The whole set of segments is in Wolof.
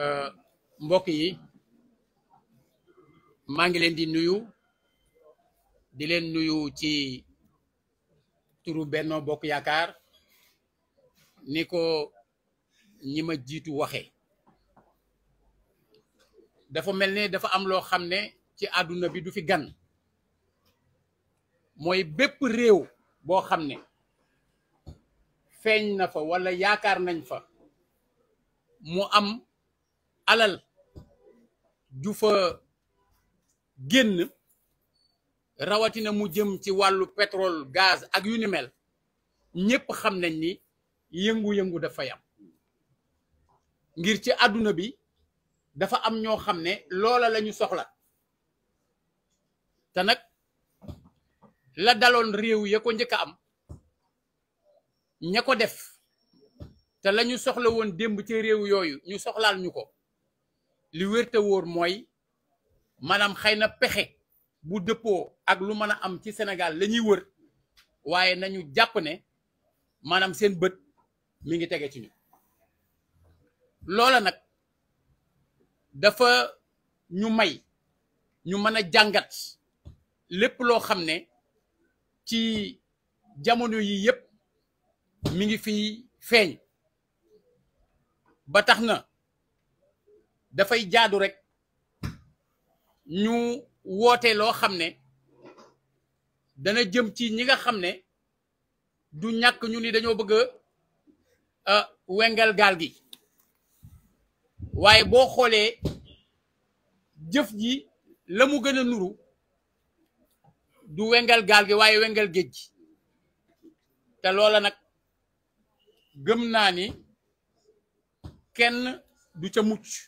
Euh, mbokk yi maa ngi leen di nuyu di leen nuyu ci turu Benno Bokk Yaakaar ni ko ñi ma jiitu waxe dafa mel ne dafa am loo xam ne ci àdduna bi du fi gan mooy bépp réew boo xam ne feeñ na fa wala yaakaar nañ fa mu am alal ju génn rawatina mu jëm ci wàllu petrol gaz ak yu ni ñépp xam nañ ni yëngu-yëngu dafa yam ngir ci àdduna bi dafa am ñoo xam ne loola lañu soxla te nag la daloon réew ya ko njëkk a am ña ko def te la ñu soxla woon démb ci réew yooyu ñu soxlaal ñu ko li wér te wóor mooy maanaam xëy na pexe bu dëppoo ak lu mën a am ci Sénégal la ñuy wër waaye nañu jàpp ne maanaam seen bët mi ngi tege ci ñu loola nag dafa ñu may ñu mën a jàngat lépp loo xam ne ci jamono yii yépp mi ngi fi feeñ ba tax na dafay jaadu rek ñu woote loo xam ne dana jëm ci ñi nga xam ne du ñàkk ñu ni dañoo bëgg a wengal gaal gi waaye boo xoolee jëf ji la mu gën a nuru du wengal gaal gi waaye wengal géej gi te loola nag gëm naa ni kenn du ca mucc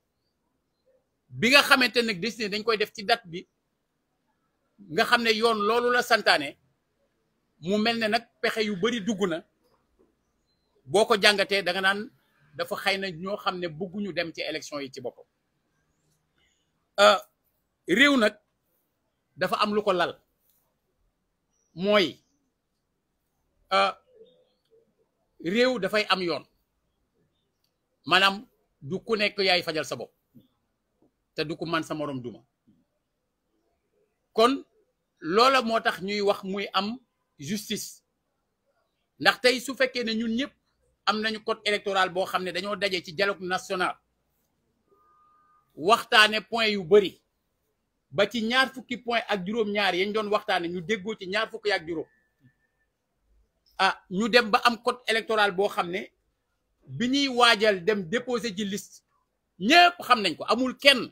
bi nga xamante nag décider dañ koy def ci date bi nga xam ne yoon loolu la santaane mu mel ne nag pexe yu bari dugg na boo ko jàngatee da nga naan dafa xëy na ñoo xam ne bëgguñu dem ci élection yi ci boppam euh, réew nag dafa am lu ko lal mooy euh, réew dafay am yoon maanaam du ku nekk yaay fajal sa bopp te du ko man sa morom duma kon lola motax ñuy wax muy am justice ndax tay su fekkee ne ñun ñëpp am nañu code électoral bo xam dañoo dajé ci dialogue national waxtaane point yu bëri ba ci ñaar fukki point ak juroom ñaar yañ doon waxtaane ñu déggo ci ñaar fukki ak juroom ah ñu dem ba am code électoral bo xam biñuy bi dem déposer ci liste ñëpp xam nañ ko amul kenn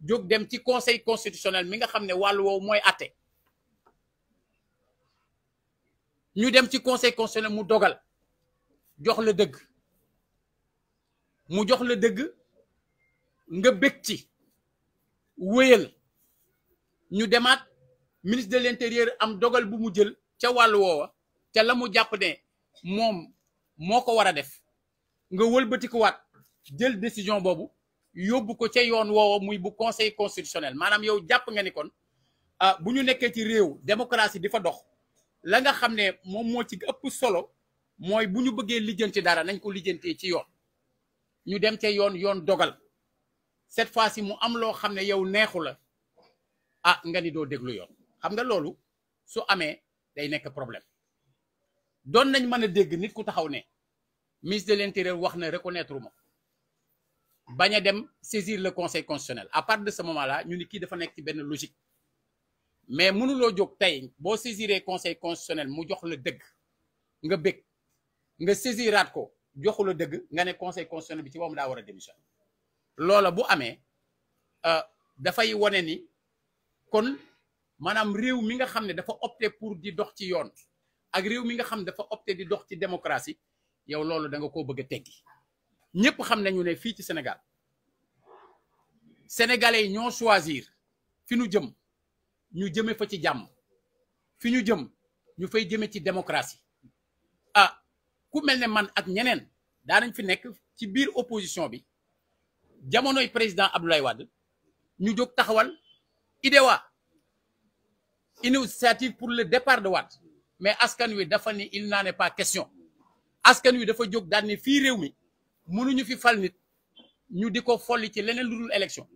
Nous dem ci conseil constitutionnel mi nga xam walu wo moy ñu dem ci conseil constitutionnel mu dogal jox le deug mu jox le deug nga ci ministre de l'intérieur am dogal bu mu jël ca walu wo lamu japp né décision bobu yóbbu ko ca yoon woowa muy bu conseil constitutionnel maanaam yow jàpp nga ni kon ah bu ñu nekkee ci réew démocratie di fa dox la nga xam ne moom moo ci ëpp solo mooy bu ñu bëggee ci dara nañ ko lijjantee ci yoon ñu dem ce yoon yoon dogal cette fois si mu am loo xam ne yow neexu la ah nga ni doo déglu yoon xam nga loolu su amee day nekk problème doon nañ mën a dégg nit ku taxaw ne ministre de l'intérieur wax na reconnaître ma bañ dem saisir le conseil constitutionnel à partir de ce moment là ñu ni kii dafa nekk ci benn logique mais mënuloo jóg tey boo saisiree conseil constitutionnel mu jox le dëgg nga bëgg nga saisiraat ko joxu la dëgg nga ne conseil constitutionnel bi ci moom daa war a démissionné loola bu amee euh, dafay wane ni kon manam réew mi nga xamné dafa opté pour di dox ci yoon ak réew mi nga xamné dafa opté di dox ci démocratie yow loolu da nga ko bëgg téggi ñepp xam nañu né fi ci Sénégal sénégalais ñoo choisir fi ñu jëm ñu jëme fa ci jamm fi ñu jëm ñu fay jëme ci démocratie ah ku melne man ak ñenen da nañ fi nek ci biir opposition bi jamonoy président Abdoulaye Wade ñu jog taxawal IDEWA initiative pour le départ de Wade mais askan wi dafa ni il n'en est pas question askan wi dafa jog daal ni fi réew mi nous, fi fal nit ñu qui ko ci leneen les Qui élection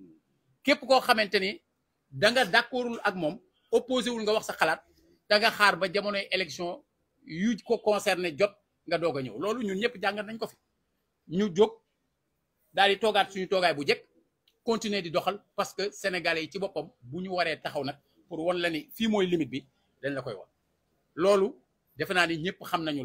képp koo que ni da nga d'accordul ak opposés opposé wul nga wax sa xalaat da nga xaar ba Nous élection yu ko Nous avons nga doog ñëw ñun ñëpp nañ ko fi ñu continuer di doxal parce que sénégalais yi ci boppam bu ñu taxaw nag pour wan la ni limite bi dañ la koy C'est ñëpp xam nañu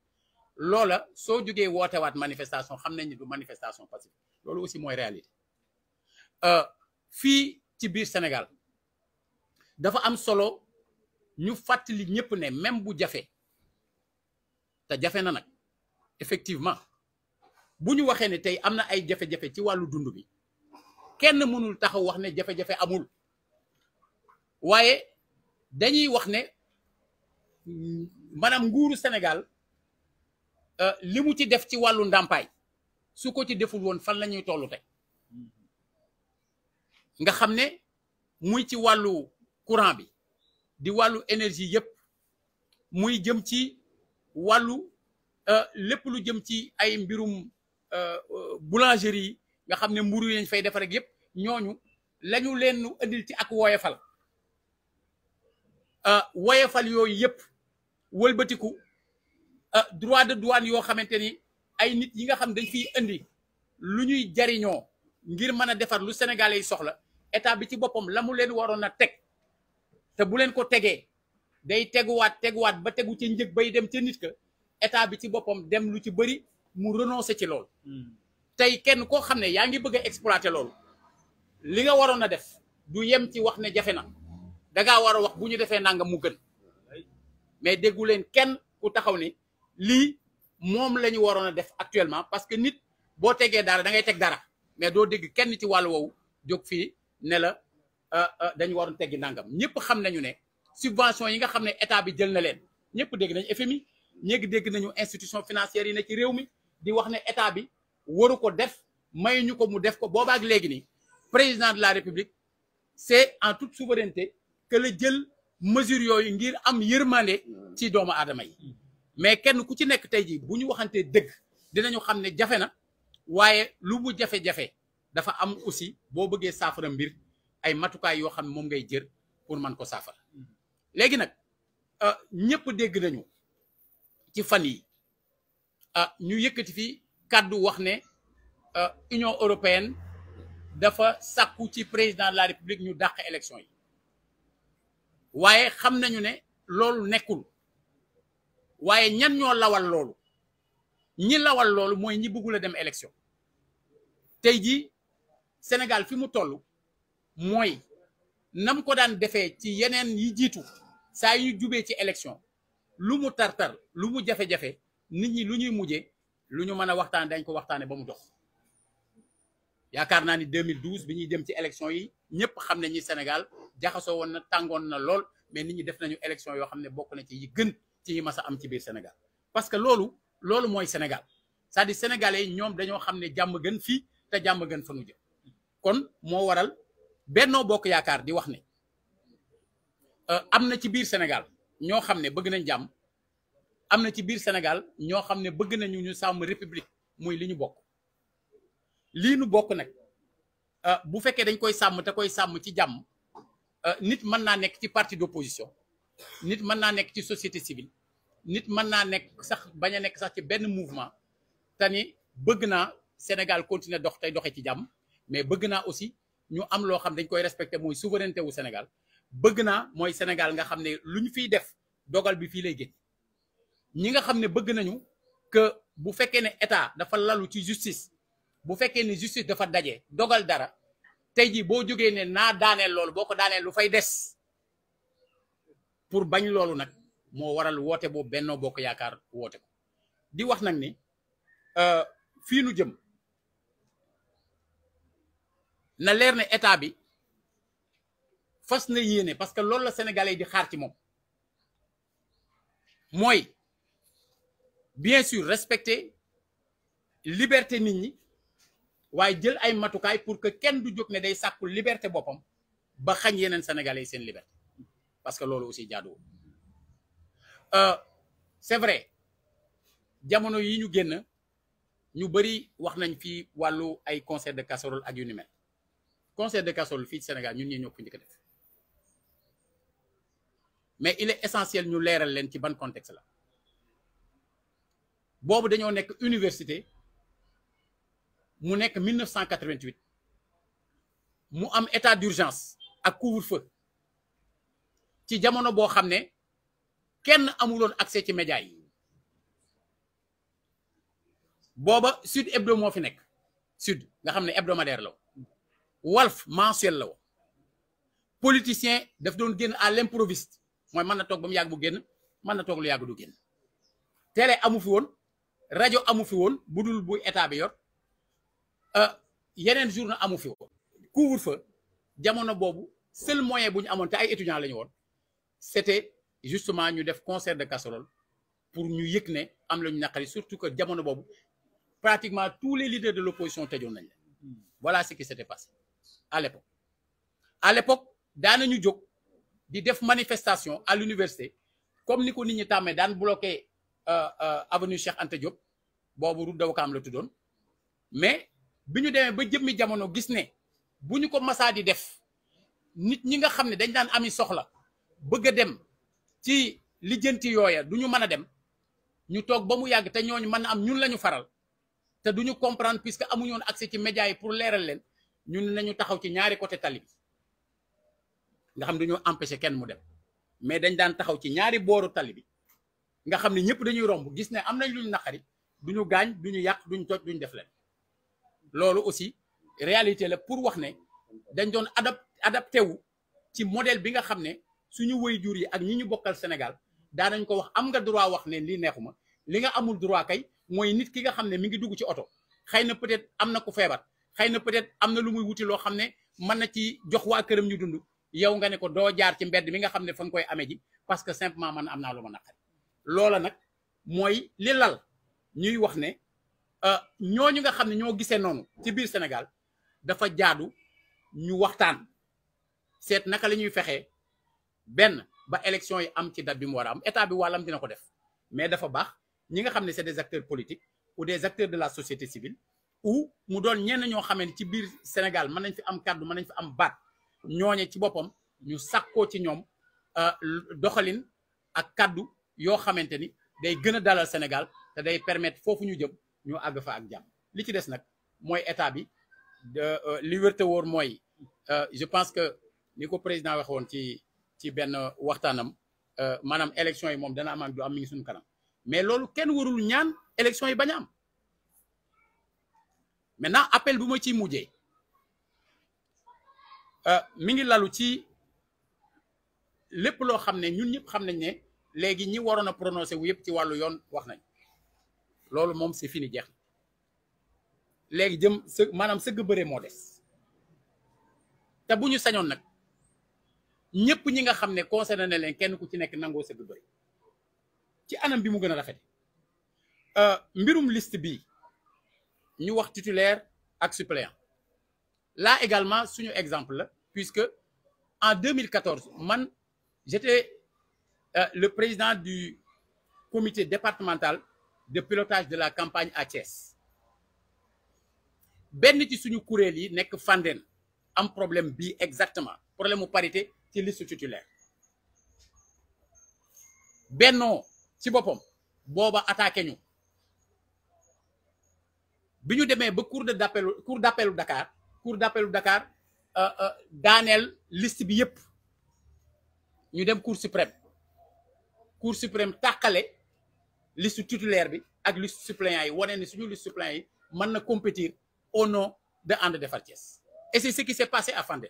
loola soo woté wat manifestation xam ni du manifestation pacifique loolu aussi moy réalité euh, Fi ci Senegal, Sénégal dafa am solo ñu fatali ñepp né même bu jafe ta jafe na nak effectivement buñu waxé né tay amna ay jafe jafé ci walu dundu bi kenn mënul taxaw wax né jafe-jafe amul wayé dañuy wax né manam nguuru Sénégal Euh, li mu ci def ci wàllu ndàmpaay su ko ci deful woon fan la ñuy toll tey nga xam ne muy ci wàllu courant bi di wàllu énergie yépp muy jëm ci wàllu euh, lépp lu jëm ci ay mbirum euh, boulangerie yi nga xam ne mburu yi fay defar ak yépp ñooñu lañu leen indil ci ak woyefal woyefal yooyu yépp wëlbatiku Euh, droit de douane yoo xamante ni ay nit yi nga xam dañ fiy indi lu ñuy jariñoo ngir mën a defar lu Sénégalais yi soxla état bi ci boppam la mu leen waroon a teg te bu leen ko tegee day teguwaat teguwaat ba tegu ci njëg bay dem ca nit ka état bi ci boppam dem lu ci bëri mu renoncer ci lool hmm. tey kenn koo xam ne yaa ngi bëgg a loolu li nga waroon a def du yem ci wax ne jafe na dangaa war a wax bu ñu defee nangam mu gën mais déggu leen kenn ku taxaw ni. li mom lañu ñu actuellement parce que nit bo tégué dara da ngay dara mais do dégg kenn ci ne la euh, euh, dañu subvention yi nga xam état bi jël na leen dégg FMI dégg nañu institution financière yi ci réew mi di wax état ko def may ñu def ko président de la république c'est en toute souveraineté que le jël mesure yoy ngir am ci doomu adamay mais kenn ku ci nekk tey jii bu ñu waxantee dëgg dinañu xam ne jafe na waaye lu mu jafe-jafe dafa am aussi boo bëggee saafara mbir ay matukaay yoo xam ne moom ngay jër pour man ko saafara léegi nag euh, ñëpp dégg nañu ci fan yi ah ñu yëkkati fi kàddu wax ne euh, Union européenne dafa sàkku ci président de la République ñu dàq élection yi waaye xam nañu ne loolu nekkul waaye ñan ñoo lawal loolu ñi lawal loolu mooy ñi bëggul a dem élection tey jii Sénégal fi mu toll mooy nam ko daan defee ci yeneen yi jiitu saa yu jubee ci élection lu mu tartar lu mu jafe-jafe nit ñi lu ñuy mujjee lu ñu mën a waxtaan dañ ko waxtaane ba mu dox yaakaar naa ni 2012 bi ñuy dem ci élection yi ñëpp xam ne ñi Sénégal jaxasoo woon na tàngoon na lool mais nit ñi def nañu élection yoo xam ne bokk na ci yi gën ci masa am ci biir Sénégal parce que loolu loolu mooy Sénégal c'est-à-dire ñoom dañoo xam ne jàmm gën fii te jàmm gën fa nu jëm kon moo waral Benno Bokk Yaakaar di wax ne euh, am na ci biir Sénégal ñoo xam ne bëgg nañ jàmm am na ci biir Sénégal ñoo xam ne bëgg nañu ñu sàmm république muy li ñu bokk lii nu bokk nag euh, bu fekkee dañ koy sàmm te koy sàmm ci jàmm euh, nit mën naa nekk ci parti d'opposition nit mën naa nekk ci société civile nit mën naa nekk sax bañ a nekk sax ci benn mouvement te bëgg naa Sénégal continuer dox tey doxe ci jàmm mais bëgg naa aussi ñu am loo xam dañ koy respecté mooy souveraineté wu Sénégal bëgg naa mooy Sénégal nga xam ne lu ñu fiy def dogal bi fii lay génn ñi nga xam ne bëgg nañu que bu fekkee ne état dafa lalu ci justice bu fekkee ne justice dafa daje dogal dara tey jii boo jógee ne naa daaneel loolu boo ko daaneel lu fay des pour bañ lolu nak, mo waral wote boobu Benno Bokk yakar wote ko di wax nak ni euh, fii nu jëm na leer ne état bi fas na yene parce que lolu la sénégalais di xaar ci mom moy bien sûr respecter liberté nit ñi waye jël ay matukay pour que kenn du jóg ne day sakku liberté bopam ba xagn yeneen sénégalais sen liberté parce que loolu aussi euh, c'est vrai diamono yi ñu génn ñu bari wax nañ fi walu ay concert de casserole ak yu ni mel concert de casserole fi Sénégal ñun ñi ñoko ñëk def mais il est essentiel ñu léral len ci ban contexte la bobu dañu nek université mu nek 1988 mu am état d'urgence ak couvre-feu ci jamono boo xam ne kenn amuloon accès ci média yi booba Sud Hebdo moo fi nekk Sud nga xam ne hebdomadaire la Walf mensuel la woon politicien daf doon génn à l'improviste mooy mën na toog ba mu yàgg mu génn mën na toog lu yàgg du génn télé amu fi woon rajo amu fi woon budul bu état bi yor euh, yeneen journaux amu fi woon couvre-feu jamono boobu seul moyen bu ñu amoon te ay étudiants la ñu woon c'était justement ñu def concert de casserole pour nous y surtout que pratiquement tous les leaders de l'opposition étaient là. voilà ce qui s'était passé à l'époque à l'époque dans jóg di def manifestation à l'université comme nous avons nit ñi bloqué euh, euh, avenue Cheikh Ante Diop route de Mais, la mais nous, avons ba nous, jamono ko massa nous, nga bëgg a dem ci lijjanti yooya du ñu mën a dem ñu toog ba mu yàgg te ñooñu mën na am ñun la ñu faral te du ñu comprendre puisque amuñu woon accès ci médias yi pour leeral leen ñun nañu taxaw ci ñaari côté tali nga xam dañoo empêcher kenn mu dem mais dañ daan taxaw ci ñaari booru tali bi nga xam ne ñëpp dañuy romb gis ne am nañ luñ naqari du ñu gaañ du ñu yàq duñu toj duñu def leen loolu aussi réalité la pour wax ne dañ doon adap adapté wu ci modèle bi nga xam ne suñu jur yi ak ñi ñu bokkal Sénégal daanañ ko wax am nga droit wax ne lii neexuma li nga amul droit kay mooy nit ki nga xam ne mi ngi dugg ci oto xëy na peut-être am na ku feebar xëy na peut-être am na lu muy wuti loo xam ne mën na ci jox waa këram ñu dund yow nga ne ko doo jaar ci mbedd mi nga xam ne fa nga koy amee ji parce que simplement man am naa lu ma naqari loola nag mooy li lal ñuy wax ne ñoo euh, ñooñu nga xam ne ñoo gisee noonu ci biir senegal dafa jaadu ñu waxtaan seet naka la ñuy fexee ben ba élection yi am ci dab bi mu wara am état bi walam dina ko def mais dafa bax ñi nga xamné c'est des acteurs politiques ou des acteurs de la société civile ou mu doon ñen ño xamné ci biir Sénégal mën nañ fi am kàddu mën nañ fi am baat ñoñe ci bopam ñu sàkkoo ci ñom euh doxalin ak kàddu yo xamanteni day gëna dalal Sénégal te day permettre fofu ñu jëm ñu àgg fa ak jàmm li ci dess nak moy état bi euh, liberté wor moy euh, je pense que niko ko président waxoon ci ci ben waxtanam euh manam élection yi mom dana am ak du am mi ngi kanam mais lolou ken warul ñaan élection yi bañ am maintenant appel bu ma mujjé euh mi ngi lalu ci lepp lo xamné ñun ñëpp xamnañ né légui ñi warona prononcer wu yëpp ci walu yoon wax nañ lolou mom c'est fini jeex légui jëm manam maanaam sëgg bëree moo des te bu ñu sañoon ñepp ñi nga ne concerné na leen kenn ku ci nekk nango sa du doy ci anam bi mu gëna a euh mbirum liste bi ñu wax titulaire ak suppléant là également suñu exemple puisque en 2014 man j'étais euh, le président du comité départemental de pilotage de la campagne à Thiès Ben, ci suñu kuréel yi nekk un am problème bii exactement problème de parité ci liste titulaire Beno, ci bopom booba attaqué ñu biñu démé nous ba cour de d'appel cour d'appelu Dakar cour au Dakar euh, euh, Daniel liste bi yépp ñu dem cour suprême cour suprême takalé liste titulaire bi ak liste suppléant yi woné ni suñu liste suppléant yi mën compétir au nom de André de Thiès et c'est ce qui s'est passé à Fandène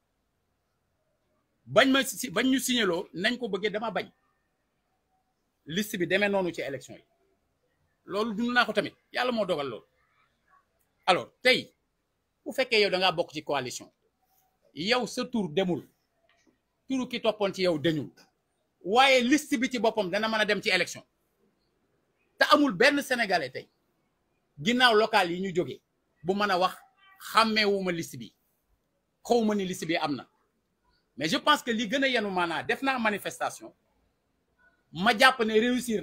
bañ ma si bañ ñu signaloo nañ ko bëggee dama bañ liste bi demee noonu ci élection yi loolu dund naa ko tamit yàlla moo dogal lool alors tey bu fekkee yow da ngaa bokk ci coalition yow sa tur demul turu ki toppoon ci yow dañul waaye list bi ci boppam dana mën a dem ci élection te amul benn sénégalais tey ginnaaw local yi ñu jóge bu mën a wax xàmmeewuma liste bi xawma ni liste bi am na mais je pense que li gën nous yenu maanaa def manifestation ma pense ne réussir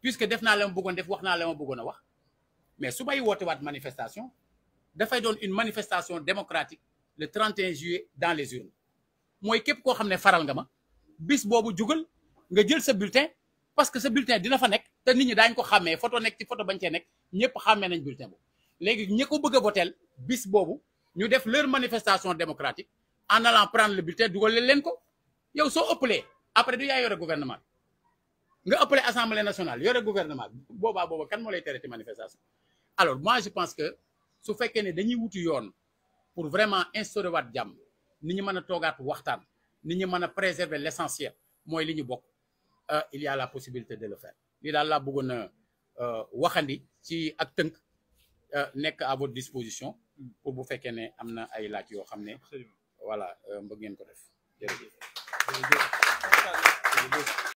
puisque def naa la ma bëggoon def wax naa wax mais su may woote une manifestation dafay donne une manifestation démocratique le 31 juillet dans les urnes Mon képp koo xam ne faral nga ma bis bobu jugal nga jël sa bulletin parce que ce bulletin dina fa nekk te nit ñi daañ ko photo nek, ci photo bañ nek, nekk ñëpp xàmmee nañ bulletin boobu léegi ñi ko bëgg a bis bobu ñu def leur manifestation démocratique en allant prendre le bulletin dugalal leen ko yow soo ëppalee après du yaa yore gouvernement bi nga ëppalee assemblée nationale yore gouvernement bi boobaa booba kan moo lay tere ci manifestation alors moi je pense que su fekkee ne dañuy wuti yoon pour vraiment instaurer waat jàmm ni ñu mën a toogaat waxtaan ni ñu mën a préserver l'essentiel mooy li ñu bokk euh, il y a la possibilité de le faire lii daal laa bëggoon a euh, waxandi ci ak tënk euh, nekk à votre disposition pour bu fekkee ne Amna na ay laaj yoo xam voilà euh, mbëgg ngeen ko def jërëjëf